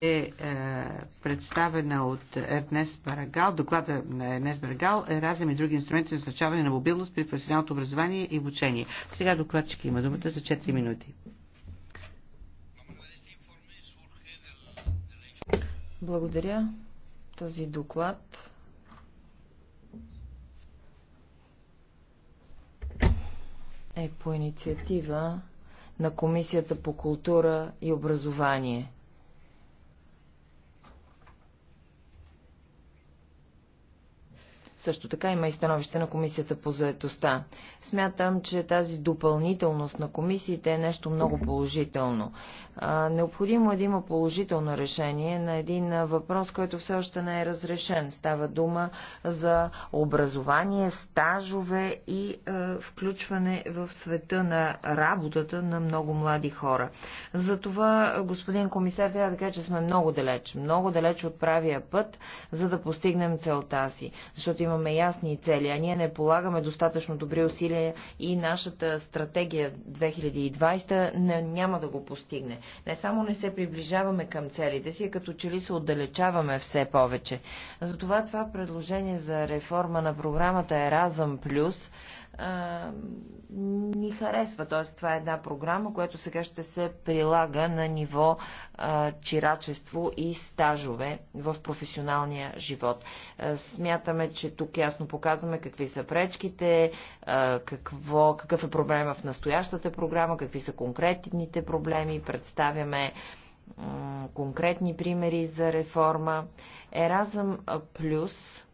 Е, е, представена от Ернест Барагал, доклада на Ернест Барагал, е разъм и други инструменти за насърчаване на мобилност при професионалното образование и обучение. Сега докладчик има думата за 4 минути. Благодаря. Този доклад е по инициатива на Комисията по култура и образование – Също така има и становище на Комисията по заедостта. Смятам, че тази допълнителност на комисиите е нещо много положително. Необходимо е да има положително решение на един въпрос, който все още не е разрешен. Става дума за образование, стажове и включване в света на работата на много млади хора. Затова, господин комисар, трябва да кажа, че сме много далеч. Много далеч от правия път, за да постигнем целта си. Защото има имаме ясни цели, а ние не полагаме достатъчно добри усилия и нашата стратегия 2020 не, няма да го постигне. Не само не се приближаваме към целите си, като че ли се отдалечаваме все повече. Затова това предложение за реформа на програмата Еразъм Плюс а, ни харесва. Т.е. това е една програма, която сега ще се прилага на ниво а, чирачество и стажове в професионалния живот. А, смятаме, че тук ясно показваме какви са пречките, а, какво, какъв е проблема в настоящата програма, какви са конкретните проблеми, представяме конкретни примери за реформа. Еразъм плюс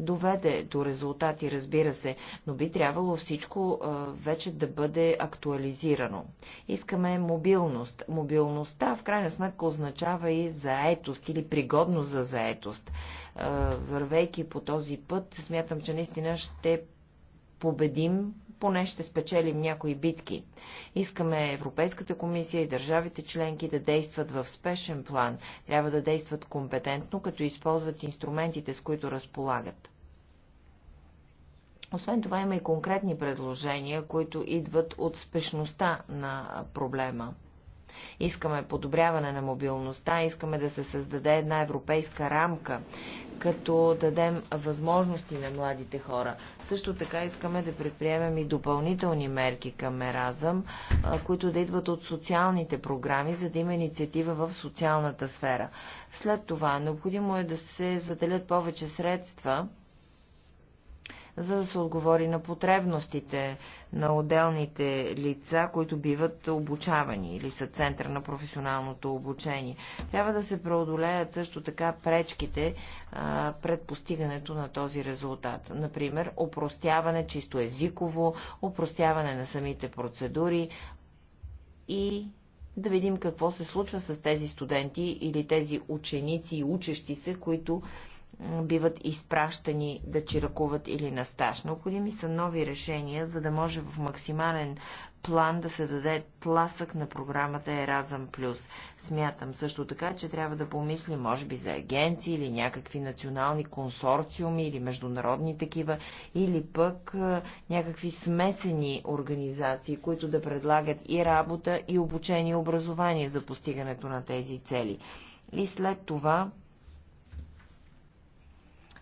доведе до резултати, разбира се, но би трябвало всичко вече да бъде актуализирано. Искаме мобилност. Мобилността в крайна сметка означава и заетост или пригодност за заетост. Вървейки по този път, смятам, че наистина ще победим поне ще спечелим някои битки. Искаме Европейската комисия и държавите членки да действат в спешен план. Трябва да действат компетентно, като използват инструментите, с които разполагат. Освен това има и конкретни предложения, които идват от спешността на проблема. Искаме подобряване на мобилността, искаме да се създаде една европейска рамка, като дадем възможности на младите хора. Също така искаме да предприемем и допълнителни мерки към Еразъм, които да идват от социалните програми, за да има инициатива в социалната сфера. След това необходимо е да се заделят повече средства за да се отговори на потребностите на отделните лица, които биват обучавани или са център на професионалното обучение. Трябва да се преодолеят също така пречките а, пред постигането на този резултат. Например, опростяване чисто езиково, опростяване на самите процедури и да видим какво се случва с тези студенти или тези ученици и учещи се, които биват изпращани да чиракуват или на стаж. Необходими са нови решения, за да може в максимален план да се даде тласък на програмата Еразъм Плюс. Смятам също така, че трябва да помисли, може би, за агенции или някакви национални консорциуми или международни такива, или пък някакви смесени организации, които да предлагат и работа, и обучение, и образование за постигането на тези цели. И след това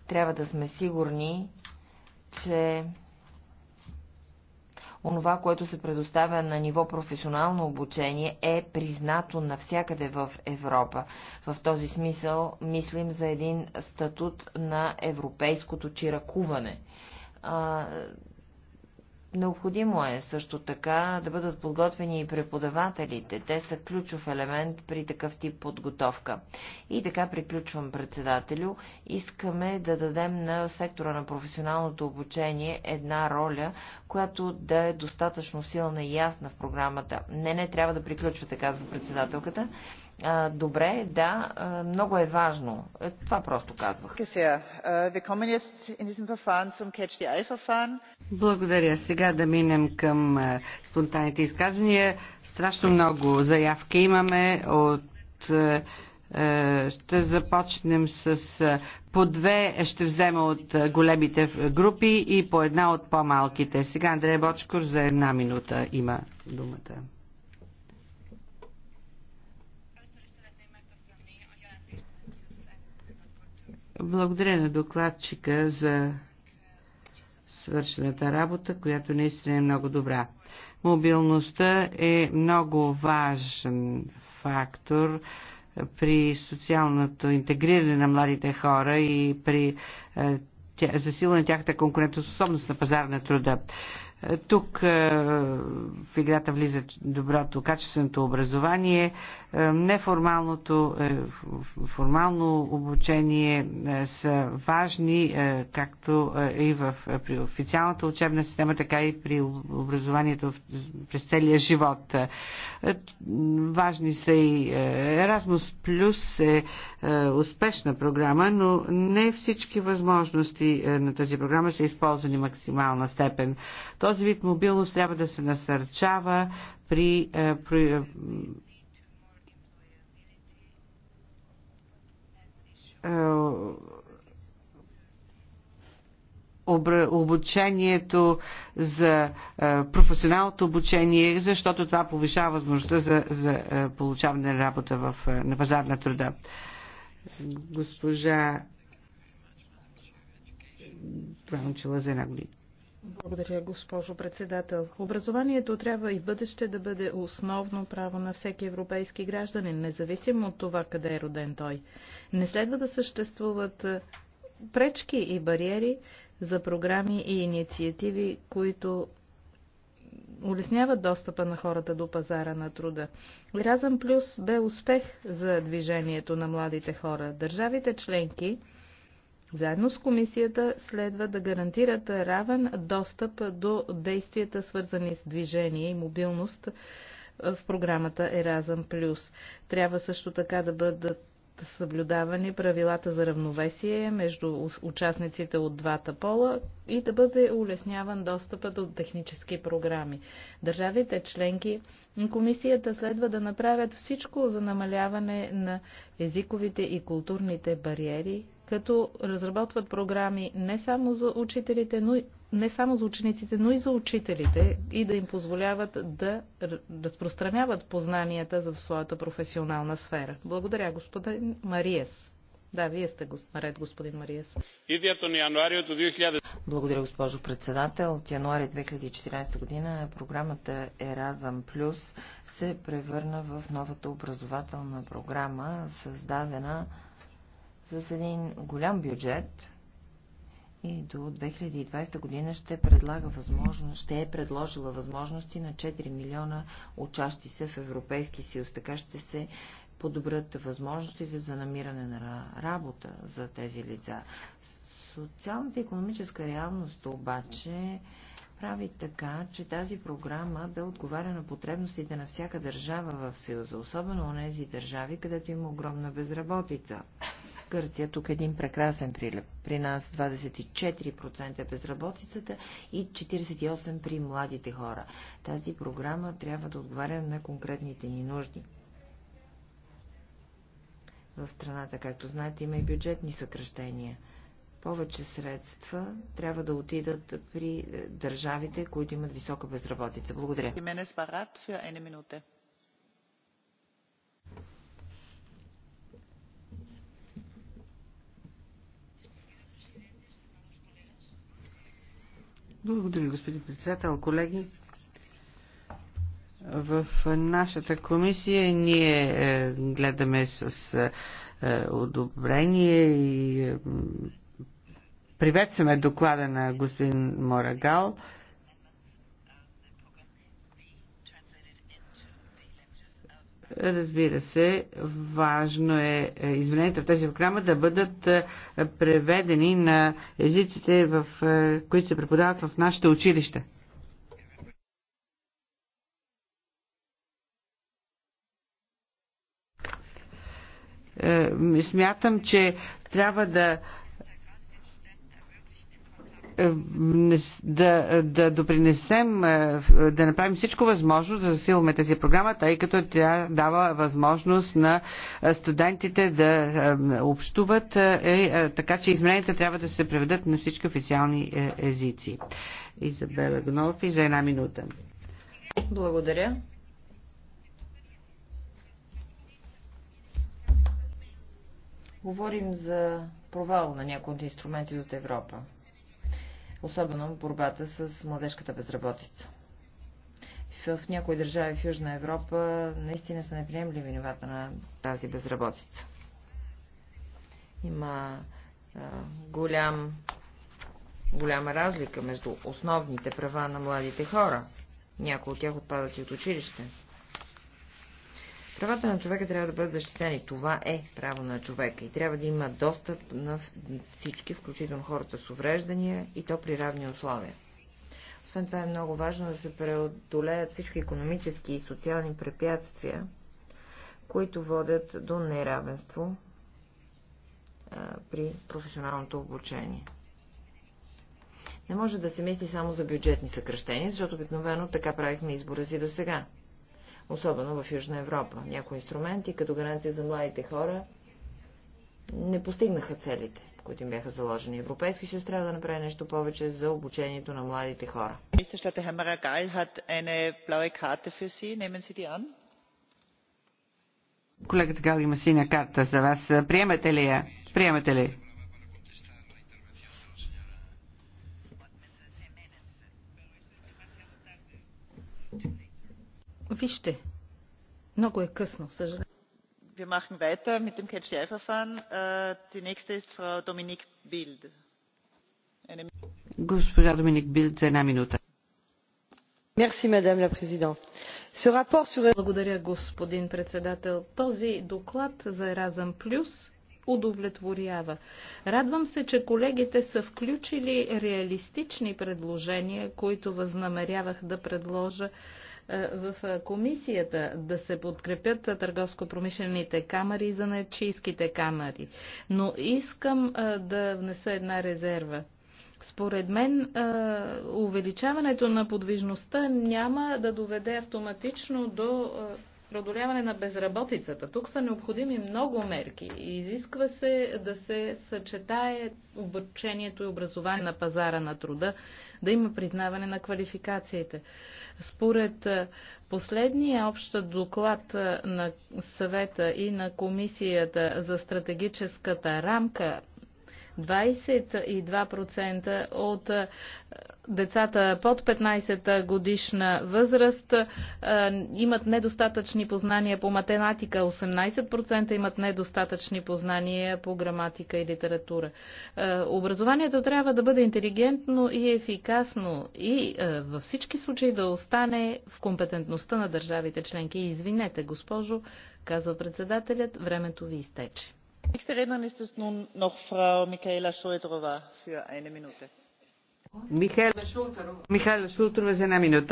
трябва да сме сигурни, че онова, което се предоставя на ниво професионално обучение, е признато навсякъде в Европа. В този смисъл мислим за един статут на европейското чиракуване. Необходимо е също така да бъдат подготвени и преподавателите. Те са ключов елемент при такъв тип подготовка. И така приключвам, председателю. Искаме да дадем на сектора на професионалното обучение една роля, която да е достатъчно силна и ясна в програмата. Не, не, трябва да приключвате, казва председателката. А, добре, да, много е важно. Е, това просто казвах. Äh, Благодаря. Сега да минем към спонтанните изказвания. Страшно много заявки имаме от ще започнем с по две, ще взема от големите групи и по една от по-малките. Сега Андрея Бочкор за една минута има думата. Благодаря на докладчика за свършената работа, която наистина е много добра. Мобилността е много важен фактор при социалното интегриране на младите хора и при е, засилване на тяхната конкурентоспособност на пазар на труда. Тук е, в играта влиза доброто, качественото образование, е, неформалното, е, формално обучение са важни, както и в, при официалната учебна система, така и при образованието през целия живот. Важни са и Erasmus Plus е успешна програма, но не всички възможности на тази програма са използвани максимална степен. То този вид мобилност трябва да се насърчава при, е, при е, обучението, за е, професионалното обучение, защото това повишава възможността за, за получаване на работа в, на пазар на труда. Госпожа Гранчела за една година. Благодаря, госпожо председател. Образованието трябва и в бъдеще да бъде основно право на всеки европейски гражданин, независимо от това къде е роден той. Не следва да съществуват е, пречки и бариери за програми и инициативи, които улесняват достъпа на хората до пазара на труда. Разъм Плюс бе успех за движението на младите хора. Държавите членки заедно с комисията следва да гарантират равен достъп до действията, свързани с движение и мобилност е, в програмата Еразъм Плюс. Трябва също така да бъдат съблюдавани правилата за равновесие между участниците от двата пола и да бъде улесняван достъпът до технически програми. Държавите членки комисията следва да направят всичко за намаляване на езиковите и културните бариери като разработват програми не само за учителите, но и не само за учениците, но и за учителите и да им позволяват да разпространяват познанията за своята професионална сфера. Благодаря, господин Мариес. Да, вие сте наред, господин Мариес. Благодаря, госпожо председател. От януари 2014 година програмата Еразъм Плюс се превърна в новата образователна програма, създадена с един голям бюджет и до 2020 година ще, предлага възможно, ще е предложила възможности на 4 милиона учащи се в Европейски съюз. Така ще се подобрят възможностите за намиране на работа за тези лица. Социалната и економическа реалност обаче прави така, че тази програма да отговаря на потребностите на всяка държава в Съюза, особено у тези държави, където има огромна безработица. Гърция тук е един прекрасен прилив. При нас 24% е безработицата и 48% при младите хора. Тази програма трябва да отговаря на конкретните ни нужди. В страната, както знаете, има и бюджетни съкръщения повече средства трябва да отидат при е, държавите, които имат висока безработица. Благодаря. Благодаря, господин председател. Колеги, в нашата комисия ние е, гледаме с е, одобрение и е, приветстваме доклада на господин Морагал. Разбира се, важно е, е измененията в тази програма да бъдат е, преведени на езиците, в, е, които се преподават в нашите училища. Смятам, че трябва да да, да допринесем, е, да направим всичко възможно да засилваме тази програма, тъй като тя дава възможност на студентите да е, общуват, е, така че измененията трябва да се преведат на всички официални езици. Изабела Гнолфи за една минута. Благодаря. Говорим за провал на някои от инструментите от Европа особено в борбата с младежката безработица. В, в някои държави в Южна Европа наистина са неприемливи нивата на тази безработица. Има а, голям, голяма разлика между основните права на младите хора. Някои от тях отпадат и от училище. Правата на човека трябва да бъдат защитени. Това е право на човека и трябва да има достъп на всички, включително хората с увреждания и то при равни условия. Освен това е много важно да се преодолеят всички економически и социални препятствия, които водят до неравенство а, при професионалното обучение. Не може да се мисли само за бюджетни съкръщения, защото обикновено така правихме избора си до сега особено в Южна Европа. Някои инструменти, като гаранция за младите хора, не постигнаха целите, които им бяха заложени. Европейски съюз трябва да направи нещо повече за обучението на младите хора. Колегата Гал има синя карта за вас. Приемате ли я? Приемате ли? Вижте, много е късно, съжалявам. Wir machen weiter mit dem catch the verfahren äh, Die nächste ist Frau Dominique Bild. Госпожа Доминик Билд за една минута. Merci, madame la présidente. Ce rapport sur... Благодаря, господин председател. Този доклад за Еразъм Плюс удовлетворява. Радвам се, че колегите са включили реалистични предложения, които възнамерявах да предложа е, в е, комисията да се подкрепят търговско-промишлените камери и занечийските камери. Но искам е, да внеса една резерва. Според мен увеличаването на подвижността няма да доведе автоматично до преодоляване на безработицата. Тук са необходими много мерки изисква се да се съчетае обучението и образование на пазара на труда, да има признаване на квалификациите. Според последния общ доклад на съвета и на комисията за стратегическата рамка 22% от е, децата под 15 годишна възраст е, имат недостатъчни познания по математика, 18% имат недостатъчни познания по граматика и литература. Е, образованието трябва да бъде интелигентно и ефикасно и във всички случаи да остане в компетентността на държавите членки. Извинете, госпожо, казва председателят, времето ви изтече. Михайла Шултрова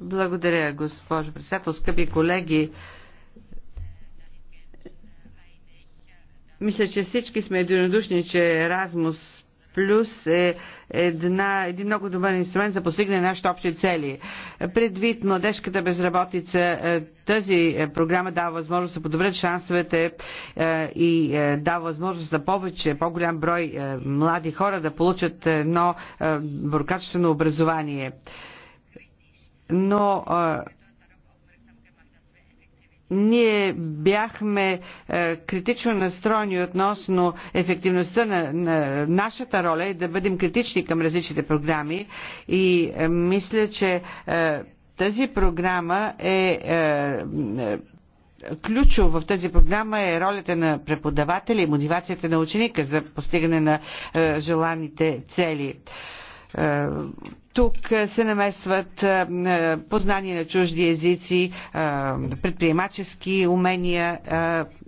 Благодаря, госпожо председател. Скъпи колеги, мисля, че всички сме единодушни, че Еразмус плюс е една, един много добър инструмент за постигане на нашите общи цели. Предвид младежката безработица, е, тази е, програма дава възможност да подобрят шансовете е, и дава възможност за повече, по-голям брой млади хора да получат едно доброкачествено образование. Но ние бяхме е, критично настроени относно ефективността на, на нашата роля и да бъдем критични към различните програми и е, мисля, че е, тази програма е, е ключов в тази програма е ролята на преподавателя и мотивацията на ученика за постигане на е, желаните цели. Е, тук се намесват познания на чужди езици, предприемачески умения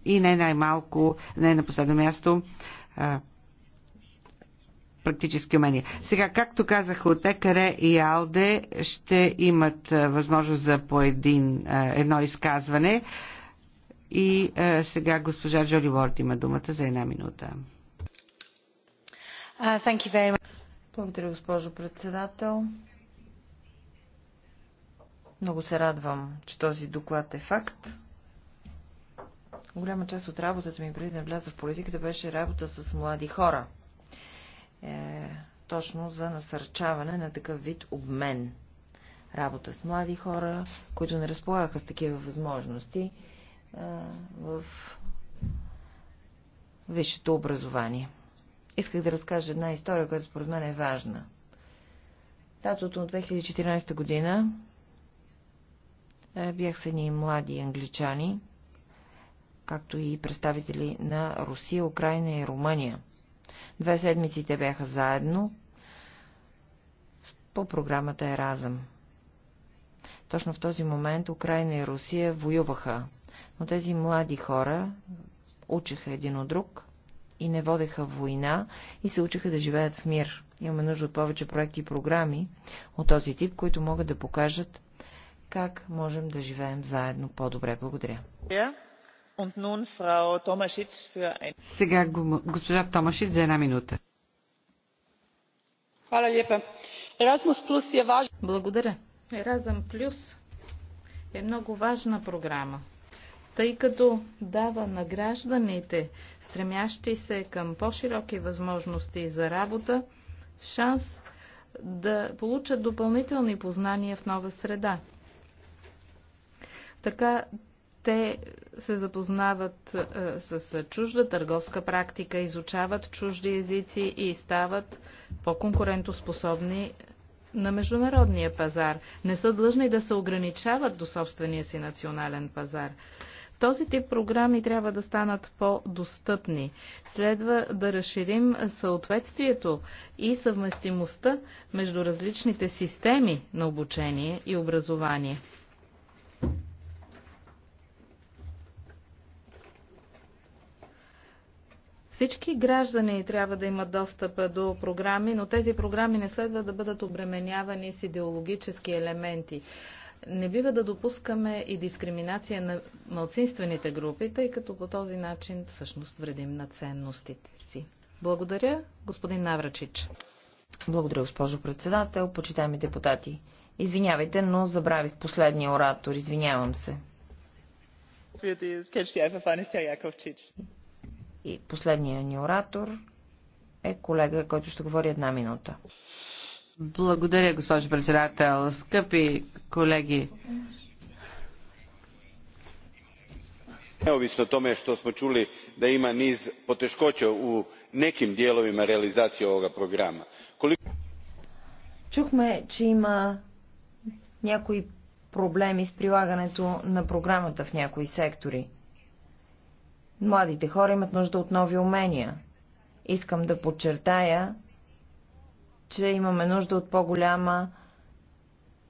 и не най-малко, не на последно място, практически умения. Сега, както казах, от Екаре и АЛДЕ ще имат възможност за по един, едно изказване. И сега госпожа Джоли Ворд има думата за една минута. Uh, благодаря, госпожо председател. Много се радвам, че този доклад е факт. Голяма част от работата ми преди да вляза в политиката беше работа с млади хора. Е, точно за насърчаване на такъв вид обмен. Работа с млади хора, които не разполагаха с такива възможности е, в висшето образование. Исках да разкажа една история, която според мен е важна. Татото от 2014 година е, бях с едни млади англичани, както и представители на Русия, Украина и Румъния. Две седмици те бяха заедно по програмата Еразъм. Точно в този момент Украина и Русия воюваха, но тези млади хора учеха един от друг и не водеха война и се учиха да живеят в мир. Имаме нужда от повече проекти и програми от този тип, които могат да покажат как можем да живеем заедно по-добре. Благодаря. Сега госпожа Томашит, за една минута. Е Благодаря. Еразъм Плюс е много важна програма тъй като дава на гражданите, стремящи се към по-широки възможности за работа, шанс да получат допълнителни познания в нова среда. Така те се запознават е, с чужда търговска практика, изучават чужди езици и стават по-конкурентоспособни на международния пазар. Не са длъжни да се ограничават до собствения си национален пазар. Този тип програми трябва да станат по-достъпни. Следва да разширим съответствието и съвместимостта между различните системи на обучение и образование. Всички граждани трябва да имат достъп до програми, но тези програми не следва да бъдат обременявани с идеологически елементи. Не бива да допускаме и дискриминация на малцинствените групи, тъй като по този начин всъщност вредим на ценностите си. Благодаря, господин Наврачич. Благодаря, госпожо председател, почитаеми депутати. Извинявайте, но забравих последния оратор. Извинявам се. И последният ни оратор е колега, който ще говори една минута. Благодаря, госпожо председател. Скъпи колеги, neovisno o tome što smo čuli da ima niz poteškoća u nekim dijelovima realizacije ovoga programa. Чухме, че има някои проблеми с прилагането на програмата в някои сектори. Младите хора имат нужда от нови умения. Искам да подчертая, че имаме нужда от по-голяма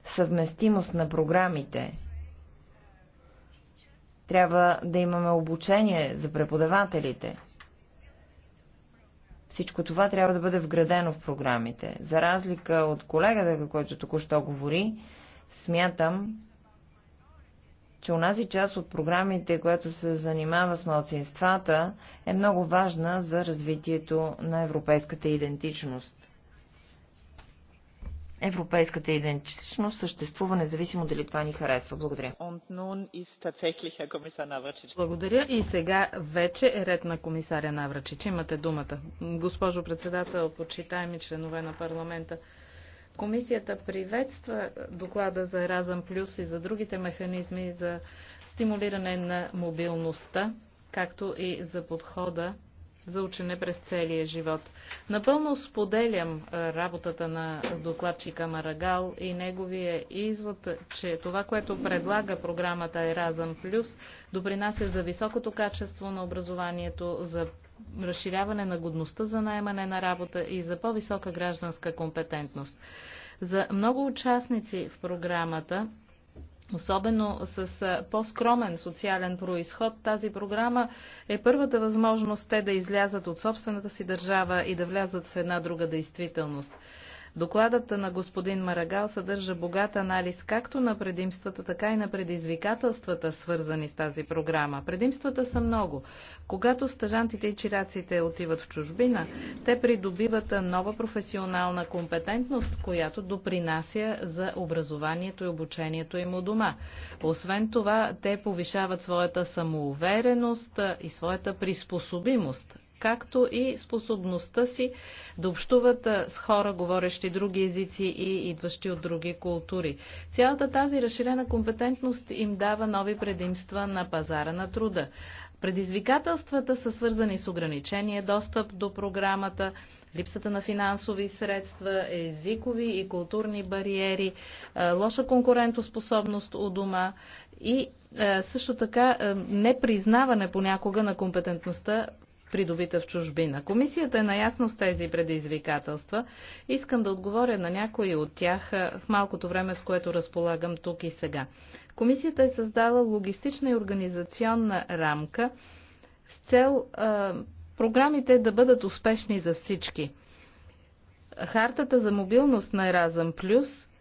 съвместимост на програмите. Трябва да имаме обучение за преподавателите. Всичко това трябва да бъде вградено в програмите. За разлика от колегата, който току-що говори, смятам, че унази част от програмите, която се занимава с малцинствата, е много важна за развитието на европейската идентичност европейската идентичност съществува, независимо дали това ни харесва. Благодаря. Благодаря и сега вече е ред на комисаря Навръчич. Имате думата. Госпожо председател, почитаеми членове на парламента, Комисията приветства доклада за Еразъм Плюс и за другите механизми за стимулиране на мобилността, както и за подхода за учене през целия живот. Напълно споделям работата на докладчика Марагал и неговия извод, че това, което предлага програмата Еразъм Плюс, допринася за високото качество на образованието, за разширяване на годността за найемане на работа и за по-висока гражданска компетентност. За много участници в програмата Особено с по-скромен социален происход, тази програма е първата възможност те да излязат от собствената си държава и да влязат в една друга действителност. Докладът на господин Марагал съдържа богат анализ както на предимствата, така и на предизвикателствата, свързани с тази програма. Предимствата са много. Когато стъжантите и чираците отиват в чужбина, те придобиват нова професионална компетентност, която допринася за образованието и обучението им у дома. Освен това, те повишават своята самоувереност и своята приспособимост както и способността си да общуват с хора, говорещи други езици и идващи от други култури. Цялата тази разширена компетентност им дава нови предимства на пазара на труда. Предизвикателствата са свързани с ограничения достъп до програмата, липсата на финансови средства, езикови и културни бариери, лоша конкурентоспособност у дома и също така непризнаване понякога на компетентността придобита в чужбина. Комисията е наясно с тези предизвикателства. Искам да отговоря на някои от тях в малкото време, с което разполагам тук и сега. Комисията е създала логистична и организационна рамка с цел а, програмите да бъдат успешни за всички. Хартата за мобилност на Еразъм Плюс –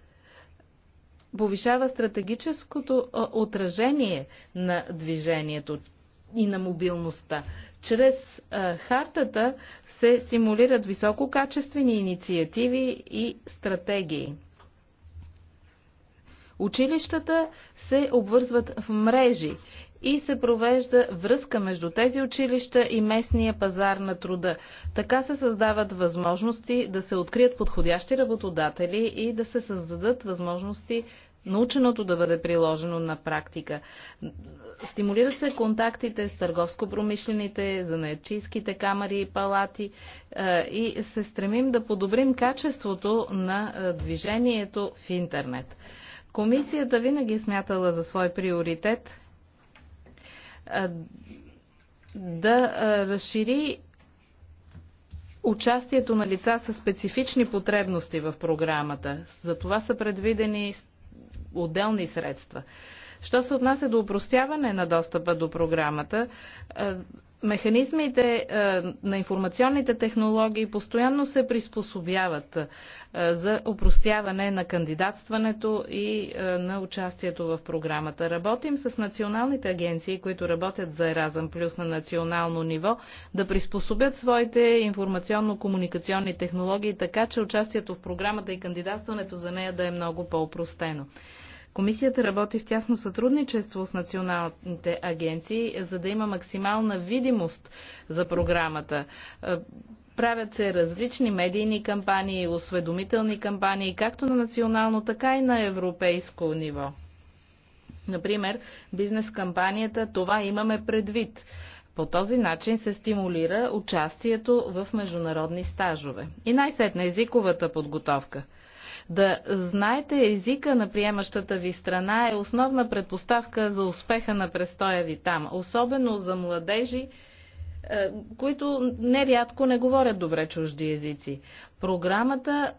повишава стратегическото отражение на движението и на мобилността. Чрез а, хартата се стимулират висококачествени инициативи и стратегии. Училищата се обвързват в мрежи и се провежда връзка между тези училища и местния пазар на труда. Така се създават възможности да се открият подходящи работодатели и да се създадат възможности наученото да бъде приложено на практика. Стимулира се контактите с търговско-промишлените, занаячийските камери и палати е, и се стремим да подобрим качеството на е, движението в интернет. Комисията винаги е смятала за свой приоритет е, да разшири участието на лица с специфични потребности в програмата. За това са предвидени отделни средства. Що се отнася до упростяване на достъпа до програмата, е, Механизмите е, на информационните технологии постоянно се приспособяват е, за упростяване на кандидатстването и е, на участието в програмата. Работим с националните агенции, които работят за Еразъм Плюс на национално ниво, да приспособят своите информационно-комуникационни технологии така, че участието в програмата и кандидатстването за нея да е много по-упростено. Комисията работи в тясно сътрудничество с националните агенции, за да има максимална видимост за програмата. Е, правят се различни медийни кампании, осведомителни кампании, както на национално, така и на европейско ниво. Например, бизнес кампанията Това имаме предвид. По този начин се стимулира участието в международни стажове. И най-сетна езиковата подготовка – да знаете езика на приемащата ви страна е основна предпоставка за успеха на престоя ви там, особено за младежи, е, които нерядко не говорят добре чужди езици. Програмата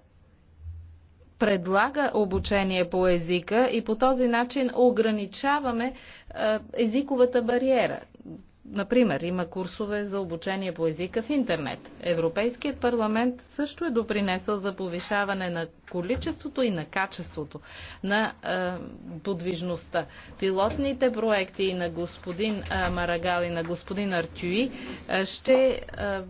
предлага обучение по езика и по този начин ограничаваме е, езиковата бариера. Например, има курсове за обучение по езика в интернет. Европейският парламент също е допринесъл за повишаване на количеството и на качеството на е, подвижността. Пилотните проекти на господин е, Марагал и на господин Артюи е, ще. Е,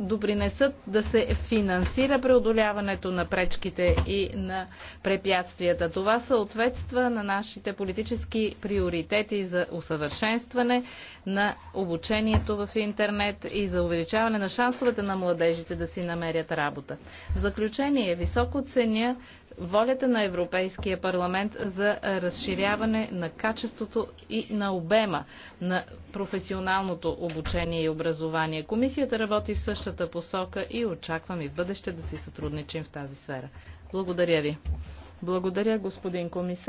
допринесат да се финансира преодоляването на пречките и на препятствията. Това съответства на нашите политически приоритети за усъвършенстване на обучението в интернет и за увеличаване на шансовете на младежите да си намерят работа. В заключение, високо ценя волята на Европейския парламент за разширяване на качеството и на обема на професионалното обучение и образование. Комисията работи в същото вашата посока и очаквам и в бъдеще да си сътрудничим в тази сфера. Благодаря ви. Благодаря, господин комисар.